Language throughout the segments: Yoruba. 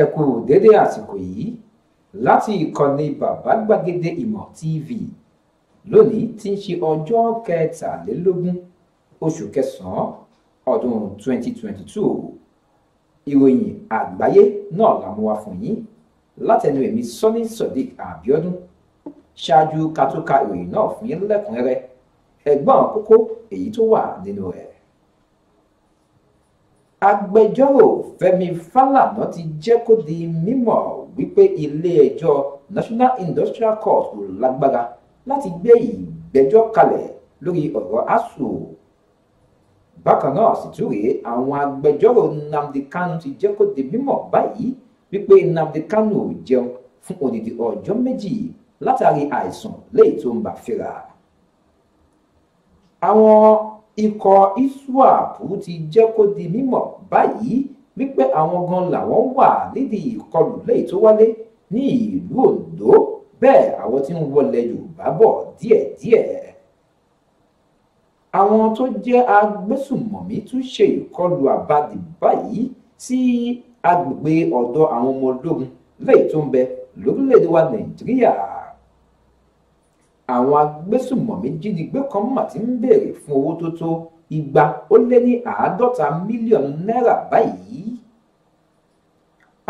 ẹ kú dédé àsìkò yìí láti ìkànnì bàbá gbàgede ìmọ̀ tv lónìí tí ń ṣe ọjọ́ kẹtàlélógún oṣù kẹsàn-án ọdún 2022 ìròyìn àgbáyé náà la mú wá fún yín látẹnu èmi sọ́ní sodiq abiodun ṣáájú ká tó ka ìròyìn náà fún yín lẹ́kùnrẹ́rẹ́ ẹ̀gbọ́n kókó èyí tó wà nínú rẹ̀ agbẹjọ́rò Fẹ́mi Fálànà ti jẹ́ kó di mímọ̀ wípé ilé-ẹjọ́ National Industrial Court kò lágbára láti gbé ìgbẹ́jọ́ kalẹ̀ lórí ọ̀rọ̀ asuu bákan náà sì tún rèé àwọn agbẹjọ́rò Nnamdi Kanu ti jẹ́ kó di mímọ̀ báyìí wípé Nnamdi Kanu ò jẹun fún odidi ọjọ́ méjì látàrí àìsàn léyìí tó ń bá fíra. àwọn ikọ̀ iswap ti jẹ́ kó di mímọ̀ báyìí wípé àwọn gan làwọn wà nídìí ìkọlù lẹ́yìn tó wáyé ní ìlú Ondo bẹ́ẹ̀ àwọn tí ń wọlé Yorùbá bọ̀ díẹ̀díẹ̀ àwọn tó jẹ́ agbésùmọ̀mí tún ṣe ìkọlù àbádì báyìí sí agbègbè ọ̀dọ̀ àwọn ọmọ ológun lẹ́yìn tó ń bẹ lórílẹ̀‐èdè wa Nàìjíríà àwọn agbésùmọ̀mí jínigbé kan mà ti ń béèrè fún owó tó tó igba ó lé ní àádọ́ta mílíọ̀nù náírà báyìí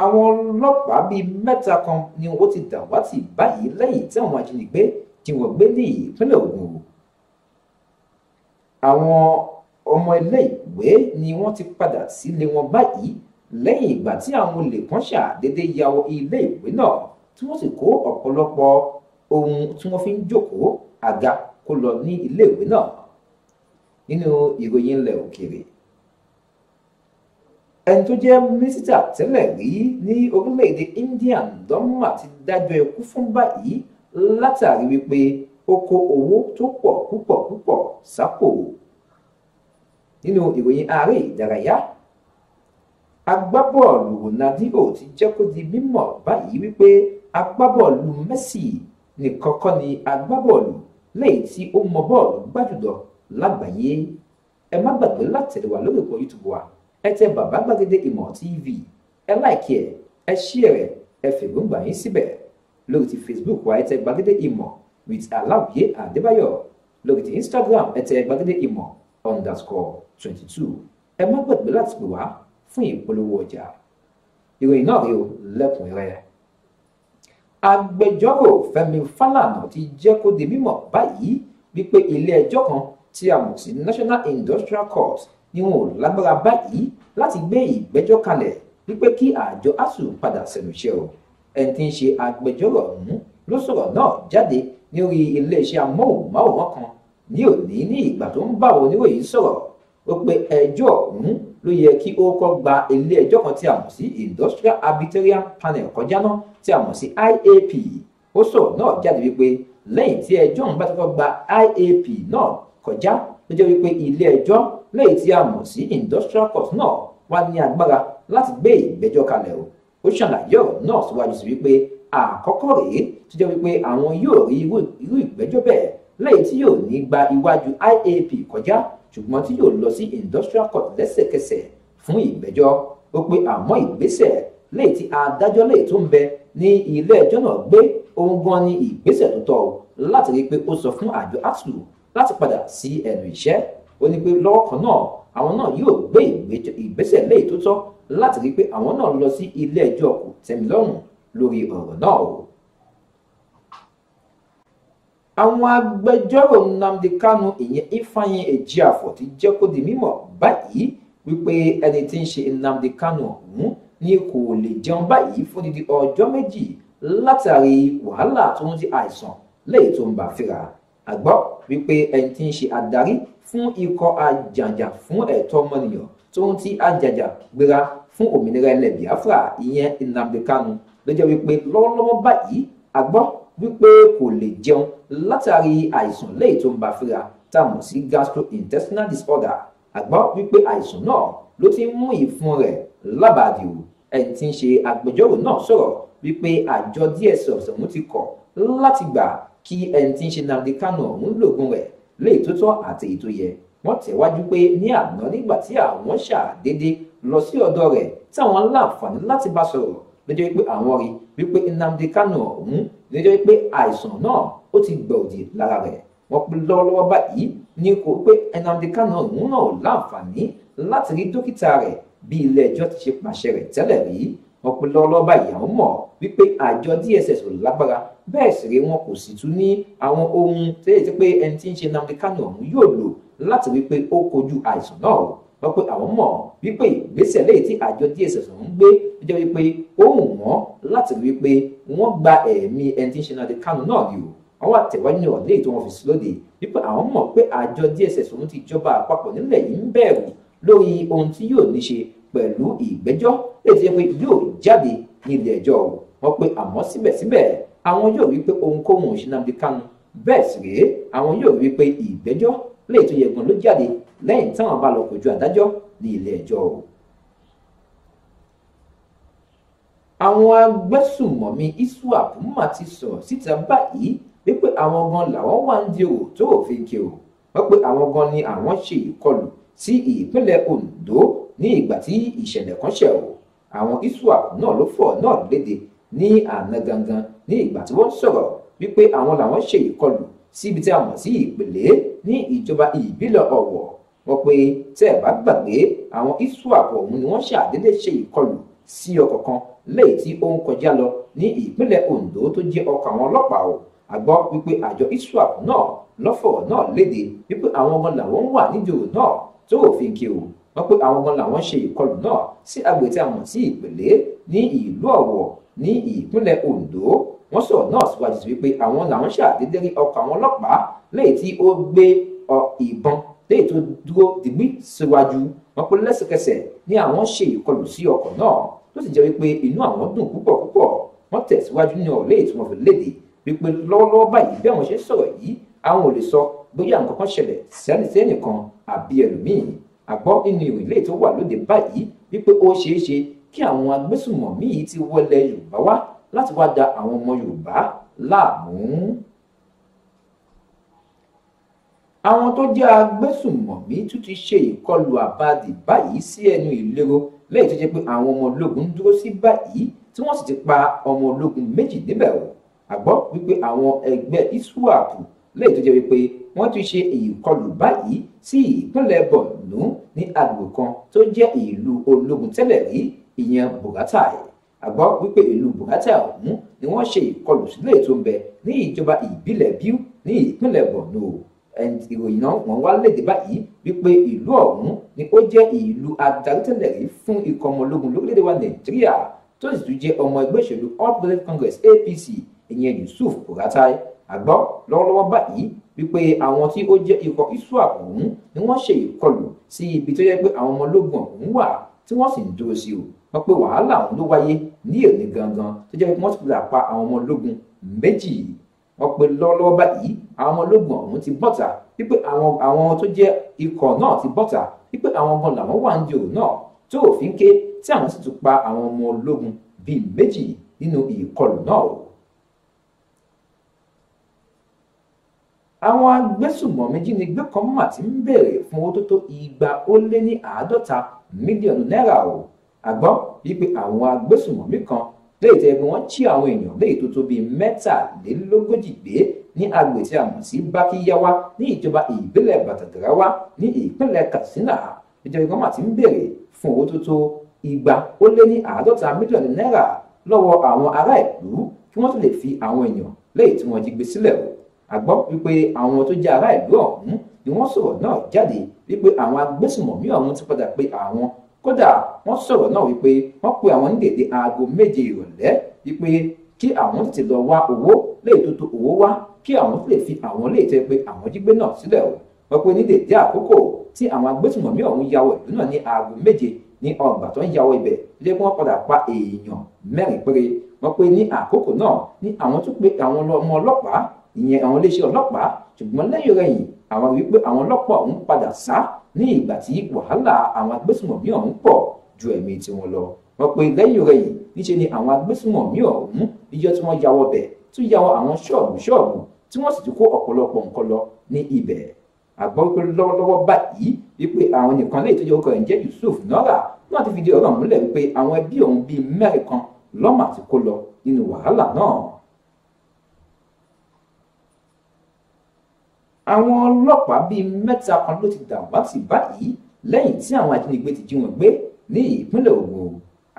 àwọn ọlọ́pàá bíi mẹ́ta kan ni ó ti dàwátì báyìí lẹ́yìn tí àwọn ajínigbé tí wọ́n gbé ní ìpínlẹ̀ Ògùn àwọn ọmọ ilé ìwé ni wọ́n ti padà sílé wọn báyìí lẹ́yìn ìgbà tí àwọn olè kan ṣàdédé ya ilé ìwé náà tí wọ́n sì kó ọ̀pọ̀lọpọ̀ ohun tí wọ́n fi ń jókòó àga kó lọ ní iléèwé náà nínú ìròyìn ilẹ̀ òkèèrè ẹni tó jẹ́ mínísítà tẹ́lẹ̀ rí ní orílẹ̀-èdè India ndọ́mà ti dájọ́ ikú fún báyìí látàrí wípé ó kó owó tó pọ̀ púpọ̀ púpọ̀ sápò nínú ìròyìn ààrẹ ìdárayá agbábọ́ọ̀lù Ronaldinho ti jẹ́ kó di mímọ̀ báyìí wípé agbábọ́ọ̀lù Messi nìkan kọ́ ni agbábọ́ọ̀lù lẹ́yìn tí ó mọ bọ́ọ̀lù gbá jùlọ lágbàáyé ẹ má gbàgbé láti tẹ̀lé wa lórí ìpò youtube wa ẹ tẹ bàbá gbàgede ìmọ̀ tv ẹ láìkí ẹ ẹ ṣí ẹ rẹ ẹ fèròǹgbà yín síbẹ̀ lórí ti facebook wa ẹ tẹ gbàgede ìmọ̀ with aláwìyé àdébáyọ̀ lórí ti instagram ẹ tẹ gbàgede ìmọ̀ underscore twenty two ẹ má gbàgbé láti pè wá fún ìpolówó ọjà ìròyìn náà rí o lẹ́kùnrẹ́rẹ́ agbẹjọ́rò Fẹ́mi Fálànà ti jẹ́ kó di mímọ̀ báyìí wípé ilé ẹjọ́ kan tí a mọ̀ sí National Industrial Court ni wọn ò lágbára báyìí láti gbé ìgbẹ́jọ́ kalẹ̀ wípé kí àjọ asu padà sẹ́nu iṣẹ́ o ẹni tí ń ṣe agbẹjọ́rò ọ̀hún ló sọ̀rọ̀ náà jáde ní orí iléeṣẹ́ amóhùnmáwòrán kan ní òní ní ìgbà tó ń bá àwọn oníròyìn sọ̀rọ̀ ó pé ẹjọ́ ọ̀hún ló yẹ kí ó kọ́ gba ilé ẹjọ́ kan tí a mọ̀ sí industrial arbitration panel kọjá náà tí a mọ̀ sí IAP ó sọ̀rọ̀ náà jáde wípé lẹ́yìn tí ẹjọ́ ń bá tó gba IAP náà kọjá ló jẹ́ wípé ilé ẹjọ́ lẹ́yìn tí a mọ̀ sí industrial court náà wá ní agbára láti gbé ìgbẹ́jọ́ kalẹ̀ o ó ṣàlàyé ọ̀rọ̀ náà síwájú sí wípé àkọ́kọ́ rèé tó jẹ́ wípé àwọn yóò rí irú ìgbẹ́jọ́ bẹ́ẹ̀ lẹ́yìn tí yóò ní gba iwájú IAP kọjá ṣùgbọ́n tí yóò lọ sí industrial court lẹ́sẹ̀kẹsẹ̀ fún ìgbẹ́jọ́ ó pé àmọ́ ìgbésẹ̀ léyìí tí adájọ́ léyìí tó ń bẹ ní ilé ẹjọ́ náà gbé ohun gan ni ìgbésẹ̀ tó tọ́ láti rí i pé ó sọ fún àjọ aslu láti padà sí ẹnu iṣẹ́ ó ní pé lọ́wọ́ kan náà àwọn náà yóò gbé ìgbésẹ̀ léyìí tó tọ́ láti rí i pé àwọn náà lọ sí ilé ẹjọ́ kò tẹ́milọ́rùn lórí ọ̀rọ̀ náà o àwọn agbẹjọ́rò nnamdi kanu ìyẹn ifeanyi ejiafọ ti jẹ́ kó di mímọ̀ báyìí wípé ẹni tí ń ṣe nnamdi kanu ọ̀hún ni kò lè jẹun báyìí fún dídí ọjọ́ méjì látàrí wàhálà tó ń di àìsàn lẹ́yìn tó ń bá fíra a gbọ́ wípé ẹni tí ń ṣe adarí fún ikọ̀ àjàjà fún ẹ̀tọ́ ọmọnìyàn tó ń ti àjàjà gbéra fún òmìnira ilẹ̀ ìyẹn nnamdi kanu ló wípé lọ́wọ́lọ́wọ́ báyìí a wípé kò lè jẹun látàrí àìsàn léyìí tó ń ba fínra tá a mọ̀ sí gastrointestinal disorder àgbọ́ wípé àìsàn náà ló ti ń mú ìfun rẹ̀ lábàdì o ẹni tí ń ṣe agbẹjọ́rò náà sọ̀rọ̀ wípé àjọ DSS ọ̀hún ti kọ̀ láti gbà kí ẹni tí ń ṣe Nnamdi Kanu ọ̀hún lògùn rẹ̀ léyìí tó tọ́ àti èyí tó yẹ wọ́n tẹ̀wájú pé ní àná nígbà tí àwọn ṣàdédé lọ sí ọ̀dọ̀ rẹ̀ táwọn láǹfààní láti bá sọ̀rọ̀ lọ́jọ́ pé àwọn rí wípé Nnamdi Kanu ọ̀hún níjọ́ pé àìsàn náà ó ti gbòdì lára rẹ̀ wọ́n pe lọ́wọ́lọ́wọ́ báyìí ní kò pé Nnamdi Kanu ọ̀hún náà láǹfààní láti rí dókítà rẹ̀ bí ilé ẹjọ́ ti ṣe pàṣẹ rẹ̀ tẹ́lẹ̀ rí wọ́n pe lọ́wọ́lọ́wọ́ báyìí àwọn mọ̀ wípé àjọ DSS ò lágbára bẹ́ẹ̀ sì rí wọn kò sì tún ní àwọn ohun tó yẹ pé ẹni tí ń ṣe Nnamdi Kanu ọ̀hún yóò lò láti rí pé ó kojú àìsàn náà wọ́n pé àwọn mọ̀ wípé ìgbésẹ̀ lẹ́yìn tí àjọ DSS ń gbé jẹ́ wípé ó wù wọ́n láti rí wípé wọ́n gba ẹ̀mí ẹni tí ń ṣe Nnamdi Kanu náà rí o wọ́n wà tẹ̀wájú ní ọ̀dẹ́ ètò wọn fi sí wípé àwọn mọ̀ pé àjọ DSS ń ti jọba àpapọ̀ nílẹ̀ yìí ń bẹ̀rù lórí ohun tí yóò ní ṣe pẹ̀lú ìgbẹ́jọ́ èyí tí yóò jáde ní ilé ẹjọ́ wọn pé àmọ́ síbẹ̀síbẹ̀ àwọn yóò rí ohunkóhun ò ṣe Nnamdi Kanu bẹ́ẹ̀ sì rèé àwọn yóò rí ìgbẹ́jọ́ lè tó yẹ gan ló jáde lẹ́yìn táwọn bá lọ kojú ti sọ̀rọ̀ síta báyìí wípé àwọn gan làwọn wà ń di òwò tó òfin kí o wọ́n pé àwọn gan ni àwọn ṣe ìkọlù sí ìpínlẹ̀ Ondo ní ìgbà tí ìṣẹ̀lẹ̀ kan ṣẹ̀ o àwọn iswap náà ló fọ̀ náà léde ní àná gangan ní ìgbà tí wọ́n sọ̀rọ̀ wípé àwọn làwọn ṣe ìkọlù síbi tí a mọ̀ sí ìpèlè ní ìjọba ìbílẹ̀ Ọ̀wọ̀ wọ́n pé tẹ́ ẹ̀ bá gbàgbé àwọn iswap ọ̀hún ni wọ́n ṣàdédé ṣe ìkọlù sí ọkọ̀ kan lẹ́yìn tí ó ń kọjá lọ ní ìpínlẹ̀ Ondo tó jẹ́ ọkọ̀ àwọn ọlọ́pàá o a gbọ́ wípé àjọ iswap náà lọ́fọ̀ náà léde wípé àwọn ọmọ làwọn wà nídìí náà tó òfin kí o wọ́n pé àwọn ọmọ làwọn ṣe ìkọlù náà sí agbè tí a mọ̀ sí ìpèlè ní ìlú Ọ̀wọ̀ ní ìpínlẹ̀ Ondo wọ́n sọ̀rọ̀ náà síwájú sí wípé àwọn làwọn ṣàdédé rí ọkọ̀ àwọn ọlọ́pàá lẹ́yìn tí ó gbé ìbọn léyìí tó dúró digbí síwájú wọn pé lẹ́sẹ̀kẹsẹ̀ ni àwọn ṣe ìkọlù sí ọkọ̀ náà tó sì jẹ́ wípé inú àwọn dùn púpọ̀ púpọ̀ wọ́n tẹ̀síwájú ní ọ̀rọ̀ léyìí tí wọ́n fi léde wípé lọ́wọ́lọ́wọ́ báyìí bí àwọn ṣe ń sọ̀rọ̀ yìí àwọn ò lè sọ bóyá nǹkan kan ṣẹlẹ̀ sẹ́nìsẹ́nì kan àbí ẹlòmíì àgbọ́ nínú ìròyìn léyìí tó wà lóde báyìí wípé ó ṣeé ṣe kí àwọn agbésùnmọ̀mí yìí ti wọlé Yorùbá wá láti wá da àwọn ọmọ Yorùbá láàmú àwọn tó jẹ́ agbésùnmọ̀mí tún ti ṣe ìkọlù àbádì báyìí sí ẹnu ìlérò lẹ́yìn tó jẹ́ pé àwọn ọmọ ológun ń dúró sí báyìí tí wọ́n sì ti pa ọmọ ológun méjì níbẹ̀ o àgbọ́ wípé àwọn ẹgbẹ́ iswap lẹ́yìn tó jẹ́ wípé wọ́n ti ṣe ìkọlù báyìí sí ìpínlẹ̀ borno ní agbò kan tó jẹ́ ìlú ológun tẹ́lẹ̀ rí ìyẹn bugatai àgbọ́ wípé ìlú bugatai ọ̀hún ni wọ́n ṣe ìkọlù sílẹ̀ tó ń bẹ ní ìjọba ìbílẹ̀ biu ní ìpínlẹ̀ borno ìròyìn náà wọ́n wá léde báyìí wípé ìlú ọ̀hún ni ó jẹ́ ìlú adarí tẹ́lẹ̀ rí fún ikọ̀ ọmọ ológun lórílẹ̀‐èdè wa nàìjíríà tó sì tún jẹ́ ọmọ ẹgbẹ́ òṣèlú all progressives congress apc ìyẹn yusuf buratai àgbọ́ lọ́wọ́lọ́wọ́ báyìí wípé àwọn tí ó jẹ́ ikọ̀ iswap ọ̀hún ni wọ́n ṣe ìkọlù sí ibi tó yẹ pé àwọn ọmọ ológun ọ̀hún wà tí wọ́n sì ń dúró sí o wọ́n pé wàhálà ọ̀hún ló wáyé ní èrè gangan tó jẹ́ pé wọ́n ti padà pa àwọn ọmọ wọ́n pe lọ́wọ́lọ́wọ́ báyìí àwọn ọmọ ológun ọ̀hún ti bọ́ta wípé àwọn àwọn tó jẹ́ ikọ̀ náà ti bọ́ta wípé àwọn gan làwọn wà ń di òun náà tó òfin ké tí àwọn sì tún pa àwọn ọmọ ológun bíi méjì nínú ìkọlù náà o. àwọn agbésùmọ̀mí jínigbé kan mà ti ń béèrè fún owó tó tó igba ó lé ní àádọ́ta mílíọ̀nù náírà o àgbọ́ wípé àwọn agbésùmọ̀mí kan léyìí tẹ́ pé wọ́n jí àwọn èèyàn léyìí tó tó bíi mẹ́tàlélógójì gbé ní agbè tí a mọ̀ sí bákíyáwá ní ìjọba ìbílẹ̀ bàtàdàráwá ní ìpínlẹ̀ katsina ìjọba ìgbọ́mà ti ń béèrè fún owó tó tó igba ó lé ní àádọ́ta mílíọ̀nù náírà lọ́wọ́ àwọn ará ìlú kí wọ́n tó lè fi àwọn èèyàn léyìí tí wọ́n jí gbé sílẹ̀ o a gbọ́ wípé àwọn tó jẹ́ ará ìlú ọ̀hún ni wọ́n sọ̀rọ̀ náà jáde wípé àwọn agbésùnmọ̀mí ọ̀hún ti padà pé àwọn kódà wọ́n sọ̀rọ̀ náà wípé wọ́n pe àwọn ní dédé aago méje ìrọ̀lẹ́ wípé kí àwọn tètè lọ wá owó léè tó tó owó wá kí àwọn lè fi àwọn léè tẹ́ pé àwọn jígbé náà sílẹ̀ o wọ́n pe ní dédé àkókò tí àwọn agbésùnmọ̀mí ọ̀hún yawọ̀ ìlú náà ní aago méje ní ọgbà tó ń yawọ̀ ibẹ̀ tó jẹ́ pé wọ́n padà pa èèyàn mẹ́rin péré wọ́n pe ní àkókò náà ní àwọn tó pe àwọn ọmọ ọlọ́pàá ìyẹn àwọn iléeṣẹ́ ọlọ́pàá ṣùgbọ́n lẹ́yìn rẹ̀yìn àwọn wípé àwọn ọlọ́pàá ọ̀hún padà sá ní ìgbà tí wàhálà àwọn agbésùmọ̀mí ọ̀hún pọ̀ ju ẹ̀mí tiwọn lọ wọ́n pe lẹ́yìn rẹ̀ yìí níṣẹ́ ni àwọn agbésùmọ̀mí ọ̀hún níjọ́ tí wọ́n yàwọ̀ bẹ̀ tún yàwọ̀ àwọn ṣọ́ọ̀bù ṣọ́ọ̀bù tí wọ́n sì tún kó ọ̀pọ̀lọpọ̀ nǹkan lọ ní ibẹ̀ àgbọ̀ pé lọ́wọ́lọ́wọ́ báyìí wípé àwọn nìkan lè tọ́jú ọkọ̀ ẹ̀ ń jẹ́ Yusuf nọ́ra náà ti fìdí ọ̀rọ̀ múlẹ̀ wípé àwọn ẹbí òun bíi mẹ́rin kan lọ́mà ti kó lọ nínú wàhálà náà àwọn ọlọ́pàá bíi mẹ́ta kan ló ti dàwátì báyìí lẹ́yìn tí àwọn ajínigbé ti jí wọn gbé ní ìpínlẹ̀ Ògùn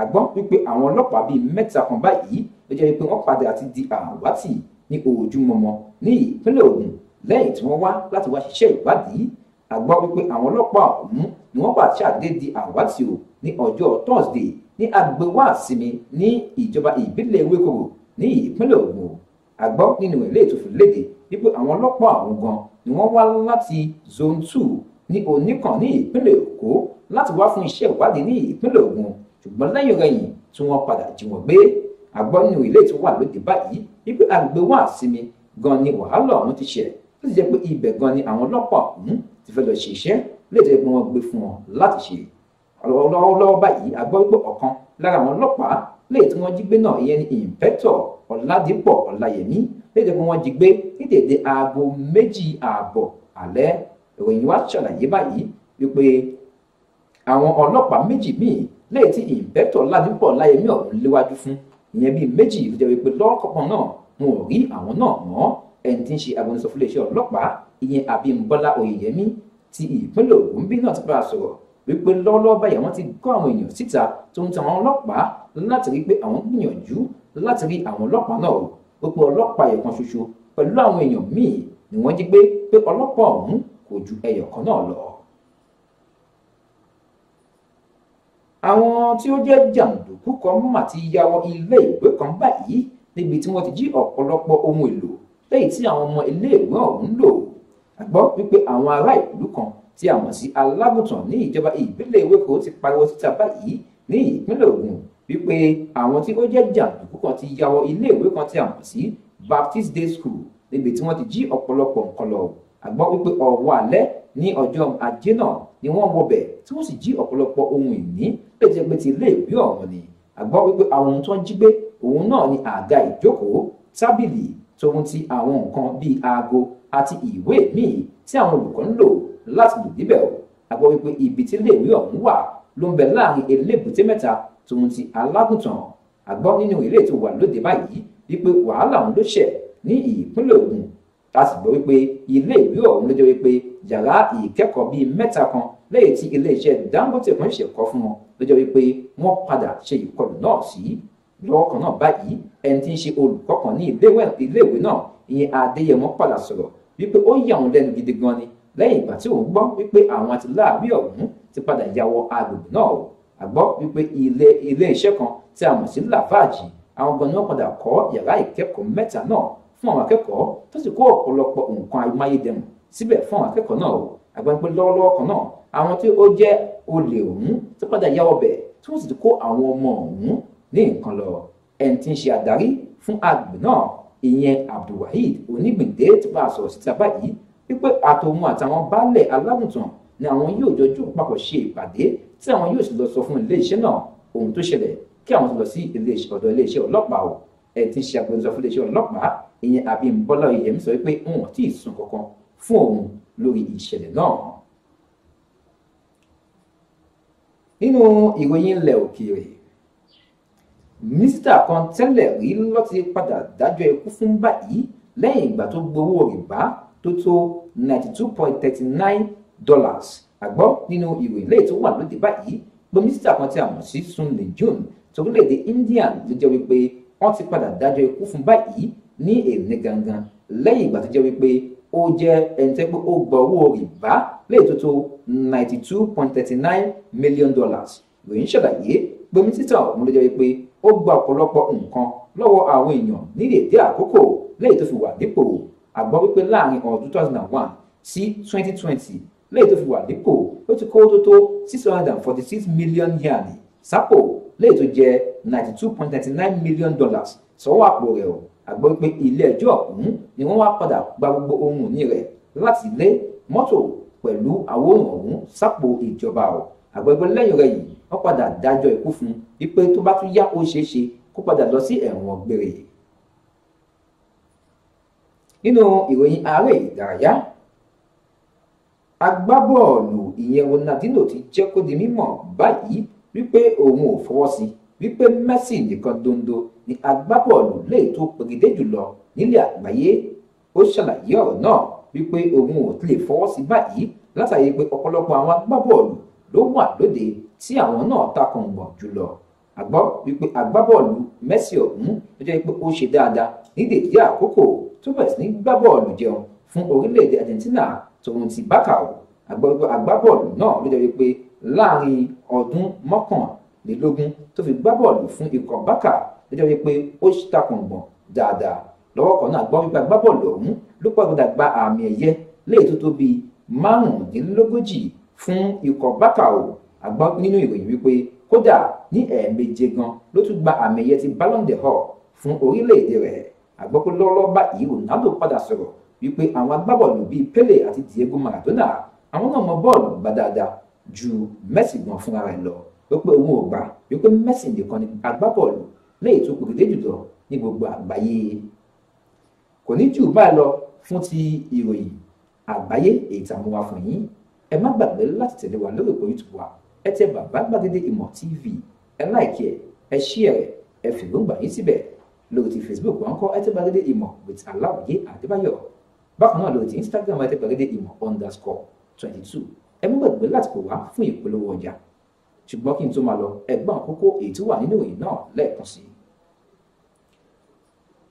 a gbọ́ wípé àwọn ọlọ́pàá bíi mẹ́ta kan báyìí ló jẹ́ wípé wọ́n padà ti di àwátì ní ojúmọmọ ní ìpínlẹ̀ Ògùn lẹ́yìn tí wọ́n wá láti wá ṣiṣẹ́ ìwádìí a gbọ́ wípé àwọn ọlọ́pàá ọ̀hún ni wọ́n pàṣẹ àdé di àwátì o ní ọjọ́ Thursday ní agbèwá àsinmi ní ìjọba ìbílẹ̀ Ewékòrò ní ìpínlẹ̀ Ògùn àgbọ́ nínú ìwé ètò léde wípé àwọn ọlọ́pàá àwọn gan ni wọ́n wá láti zone two ní oníkan ní ìpínlẹ̀ Èkó láti wá fún iṣẹ́ ìwádìí ní ìpínlẹ̀ Ògùn ṣùgbọ́n lẹ́yìn rẹ̀yìn tí wọ́n padà jí wọn gbé àgbọ́ nínú ilé tó wà lóde báyìí wípé àgbẹ̀ wá àsinmi gan ni wàhálà ọ̀hún ti ṣẹ̀ tó ti jẹ́ pé ibẹ̀ gan ni àwọn ọlọ́pàá ọ̀hún ti fẹ́ lọ ṣe iṣẹ́ lè pé wọ́n gbé lè tí wọ́n jí gbé náà ìyẹn ní ìǹpẹ́tọ̀ ọ̀làdìpọ̀ ọ̀làyẹmí léde pé wọ́n jí gbé ní dédé aago méjì ààbọ̀ alẹ́ ìròyìn wa ṣàlàyé báyìí wípé àwọn ọlọ́pàá méjì míì lè tí ìǹpẹ́tọ̀ ọ̀làdìpọ̀ ọ̀làyẹmí ọ̀hún léwájú fún ìyẹn bíi méjì ló wípé lọ́kọ̀ọ̀kan náà wọn ò rí àwọn náà mọ́ ẹni tí ń ṣe agbẹnusọ fún iléeṣẹ́ ọlọ́pàá ìyẹn Abímbọ́lá Oyèyẹmí ti ìpínlẹ̀ Ògùn bí náà ti bá a sọ̀rọ̀ wípé lọ́wọ́lọ́wọ́ báyìí wọ́n ti kó àwọn èèyàn síta tó ń ta àwọn ọlọ́pàá láti rí pé àwọn gbìyànjú láti rí àwọn ọlọ́pàá náà ó pé ọlọ́pàá ẹ̀kan ṣoṣo pẹ̀lú àwọn èèyàn míì ni wọ́n jí gbé pé ọlọ́pàá ọ̀hún kò ju ẹyọ náà lọ. àwọn tí ó jẹ́ jàǹdùkú kan mà ti ya ilé ìwé kan báyìí níbi tí wọ́n ti jí ọ̀pọ̀lọpọ̀ ohun èlò lẹ́yìn tí àwọn ọmọ iléèwé ọ̀hún lò àgbọ́ wípé àwọn ará ìlú kan tí a mọ̀ sí alágùntàn ní ìjọba ìbílẹ̀ Ewéko ti pariwo síta báyìí ní ìpínlẹ̀ Ògùn wípé àwọn tí ó jẹ́ jàǹdùkú kan ti ya wọ iléèwé kan tí a mọ̀ sí Baptist Day School níbi tí wọ́n ti jí ọ̀pọ̀lọpọ̀ nǹkan lọ a wípé ọ̀wọ́ alẹ́ ní ọjọ́ ajé náà ni wọ́n wọbẹ̀ tí wọ́n sì jí ọ̀pọ̀lọpọ̀ ohun ìní lè ti iléèwé ọ̀hún ni a gbọ́ wípé àwọn ohun tó ń jí gbé òun náà ni àga ìjókòó tábìlì tóun ti àwọn nǹkan bíi aago àti ìwé míì tí àwọn olùkọ́ ń lò láti lò níbẹ̀ o a gbọ́ wípé ibi tí iléèwé ọ̀hún wà ló ń bẹ láàrin elébùté mẹ́ta tòun ti alágùntàn àgbọ́ nínú ilé tó wà lóde báyìí wípé wàhálà òun ló ṣẹ̀ ní ìpínlẹ̀ Ògùn ta gbọ́ wípé ilé ìwé ọ̀hún ló jẹ́ wípé yàrá ìkẹ́kọ̀ọ́ bíi mẹ́ta kan lẹ́yìn tí iléeṣẹ́ Dangote kan ṣe kọ́ fún wọn ló jẹ́ wípé wọ́n padà ṣe ìkọlù náà sí lọ́wọ́ kan náà báyìí ẹni tí ń ṣe olùkọ́ kan ní iléèwé náà ìyẹn Adéyẹmọ padà sọ̀rọ̀ wípé ó yà òun lẹ́nu gidi gan ni lẹ́yìn ìgbà tí òun gbọ́ wípé àwọn àtìláàbí ọ̀hún ti padà yàwọ̀ agbègbè náà a gbọ́ wípé ilé ilé iṣẹ́ kan tí a mọ̀ sí lafaji àwọn gan ni wọ́n padà kọ́ yàrá ìkẹ́kọ̀ọ́ mẹ́ta náà fún àwọn akẹ́kọ̀ọ́ tó sì kó ọ̀pọ̀lọpọ̀ nǹkan amáyédẹrùn síbẹ̀ fún àwọn akẹ́kọ̀ọ́ náà o àgbàgbé lọ́wọ́lọ́wọ́ kan náà àwọn tí ó jẹ́ olè ọ̀hún tó padà yá ọbẹ̀ tí wọ́n sì ti kó àwọn ọmọ ọ̀hún ní nǹkan lọ ẹni tí ń ṣe àdarí fún àgbẹ̀ náà ìyẹn Abdulwaheed Onígbìndé ti bá a sọ̀rọ̀ síta báyìí wípé àtòun àtàwọn baálẹ̀ alágùntàn ni àwọn yóò jọ jókòó papọ̀ ṣe ìpàdé tí àwọn yóò sì lọ sọ fún iléeṣẹ́ náà ohun tó ṣẹlẹ̀ kí àwọn lọ sí ọ̀dọ̀ iléeṣẹ́ ọlọ́pàá o ẹ ti ṣe àpèjọ fún iléeṣẹ́ ọlọ́pàá ìyẹn Abímbọ́lá Oyèyẹmí sọ pé wọn ò ninety two point thirty nine dollars àgbọ́ nínú ìwé ilé tó wà lóde báyìí pé mínísítà kan tí a mọ̀ sí Sun Lejun torílẹ̀-èdè India ló jẹ́ wípé wọ́n ti padà dájọ́ ikú fún báyìí ní èmi gangan lẹ́yìn ìgbà tó jẹ́ wípé ó jẹ́ ẹni tẹ́ pé ó gba owó rìbá lè tó tó ninety two point thirty nine million dollars ròyìn ṣàlàyé pé mínísítà ọ̀hún ló jẹ́ wípé ó gba ọ̀pọ̀lọpọ̀ nǹkan lọ́wọ́ àwọn èèyàn ní déédéé àkókò lẹ́yìn tó fi wà nípò àgbọ́ wípé láàrin ọdún two thousand and one sí twenty twenty léyìí tó fi wà nípò ó ti kó tó tó six hundred and forty six million yuan sápò léyìí tó jẹ́ ninety two point ninety nine million dollars sọ́wọ́ àpò rẹ̀ o àgbọ̀ pé ilé ẹjọ́ ọ̀hún ni wọ́n wá padà gba gbogbo ohun ìní rẹ̀ láti ilé mọ́tò pẹ̀lú àwòrán ọ̀hún sápò ìjọba o àgbẹ̀gbẹ̀ lẹ́yìn rẹ̀ yìí wọ́n padà dájọ́ ikú fún un wípé tó bá tún yá ó ṣeé ṣe kó padà lọ sí ẹ̀wọ̀n gbére. nínú ìròyìn ààrẹ ìdárayá agbábọ́ọ̀lù ìyẹn Ronaldinho ti jẹ́ kó di mímọ̀ báyìí wípé òun ò fọwọ́ sí wípé Messi nìkan dondo ni agbábọ́ọ̀lù lè tó pèrèdé jùlọ nílẹ̀ àgbáyé ó ṣàlàyé ọ̀rọ̀ náà wípé òun ò tilẹ̀ fọwọ́ sí báyìí látàrí pé ọ̀pọ̀lọpọ̀ àwọn agbábọ́ọ̀lù ló wà lóde tí àwọn náà takùn gbọ̀n jùlọ àgbọ́ wípé agbábọ́ọ̀lù Messi ọ̀hún ló jẹ́ pé ó ṣe dáadáa nídèédé fún orílẹ̀-èdè Argentina tòun ti Bacau agbábọ́ọ̀lù náà ló jẹ́ wípé láàrin ọdún mọ́kànlélógún tó fi gbá bọ́ọ̀lù fún ikọ̀ Bacau ló jẹ́ wípé ó takùngbọ̀n dáadáa lọ́wọ́ kan náà gbọ́ wípé agbábọ́ọ̀lù ọ̀hún ló pọ̀ gbọ́dọ̀ gba àmì ẹ̀yẹ léyìí tó tó bíi márùndínlógójì fún ikọ̀ Bacau àgbá nínú ìròyìn wípé kódà ní ẹ̀ẹ̀méje gan ló tún gba àmì ẹ̀yẹ ti Ballon d'Or fún orílẹ̀-èdè rẹ̀ àgbọ́pọ̀ lọ́wọ́lọ́wọ́ báyìí wípé àwọn agbábọ́ọ̀lù bíi Pele àti Diego Maradona àwọn náà mọ bọ́ọ̀lù gbá ju Messi gan fúnra rẹ̀ lọ wípé òun ò gbà wípé Messi nìkan ni agbábọ́ọ̀lù léyìí tó pèkédé jùlọ ní gbogbo àgbáyé kò ní jù báyìí lọ fún ti ìròyìn àgbáyé èyí tá a mú wá fún yín ẹ má gbàgbé láti tẹ̀lé wa lórí ìpò YouTube wa ẹ tẹ bàbá gbàgede ìmọ̀ TV ẹ láìkí ẹ ẹ ṣí ẹ ẹ fìgbóngbà yín síbẹ̀ lórí ti Facebook wọn kọ́ ẹ tẹ gbàgede ìmọ̀ with aláwòye Adébáyọ̀ bákan náà lórí instagram ẹ̀ tẹ́ pẹ̀lú ìmọ̀ underscore twenty two ẹ mú gbàgbé láti pè wá fún ìpolówó ọjà ṣùgbọ́n kí n tó máa lọ ẹ̀gbọ́n kókó èyí tó wà nínú ìròyìn náà lẹ́ẹ̀kan sí i.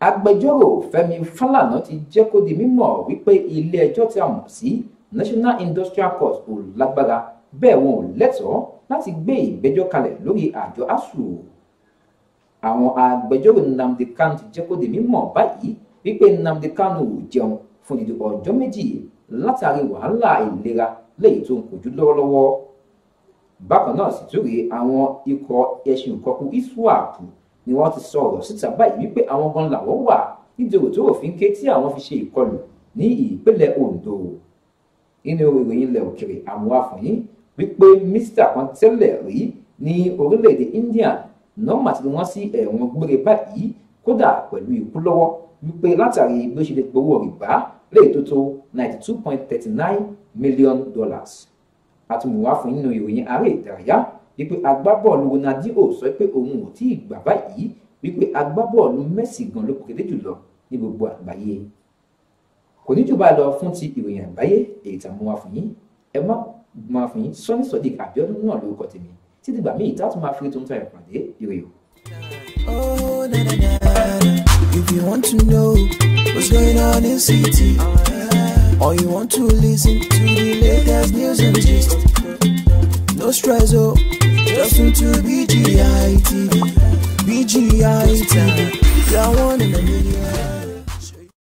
agbẹjọ́rò Fẹ́mi Fálànà ti jẹ́ kó di mímọ̀ wípé ilé ẹjọ́ tí a mọ̀ sí National Industrial Court ò lágbára bẹ́ẹ̀ wọn ò lẹ́tọ̀ọ́ láti gbé ìgbẹ́jọ́ kalẹ̀ lórí àjọ asuu àwọn agbẹjọ́rò Nnamdi Kanu ti jẹ́ kó di mímọ̀ báyìí wípé Nnamdi Kanu ò jẹun fún ìdí ọjọ́ méjì látàrí wàhálà ìlera léyìí tó ń kojú lọ́wọ́lọ́wọ́ bákan náà sì tún rèé àwọn ikọ̀ ẹṣin ìkọkù iswap ni wọ́n ti sọ̀rọ̀ síta báyìí wípé àwọn gan làwọn wà nídòwò tó òfin ké tí àwọn fi ṣe ìkọlù ní ìpínlẹ̀ Ondo nínú ìròyìn ilẹ̀ òkèrè àwọn afọ̀yín wípé mísítà kan tẹ́lẹ̀ rí ní orílẹ̀-èdè India nọ́mà ti wọ́n sí ẹ̀wọ̀n gbére báyìí kódà pẹ̀lú ikú lọ́wọ́ wípé látàrí bí ó ṣe lè gbowó rìbá léyìí tó tó ninety two point thirty nine million dollars àtúmùwá fún nínú ìròyìn ààrẹ ìdárayá wípé agbábọ́ọ̀lù Ronaldinho sọ pé òun ò tí ì gbà báyìí wípé agbábọ́ọ̀lù Messi gan ló kéré jùlọ ní gbogbo àgbáyé kò ní jù bá lọ fún ti ìròyìn àgbáyé èyí tá a mú wá fún yín ẹ má mú fún yín Sọ́ni Sodiq Abiodun náà lórúkọ tèmi títí gbà míì tá a tún máa fi tó ń tọ́ ẹ̀ ìròyìn. If you want to know what's going on in city, or you want to listen to the latest news and gist, no stress, oh, just tune to BGI TV, BGI TV, you're one in a million.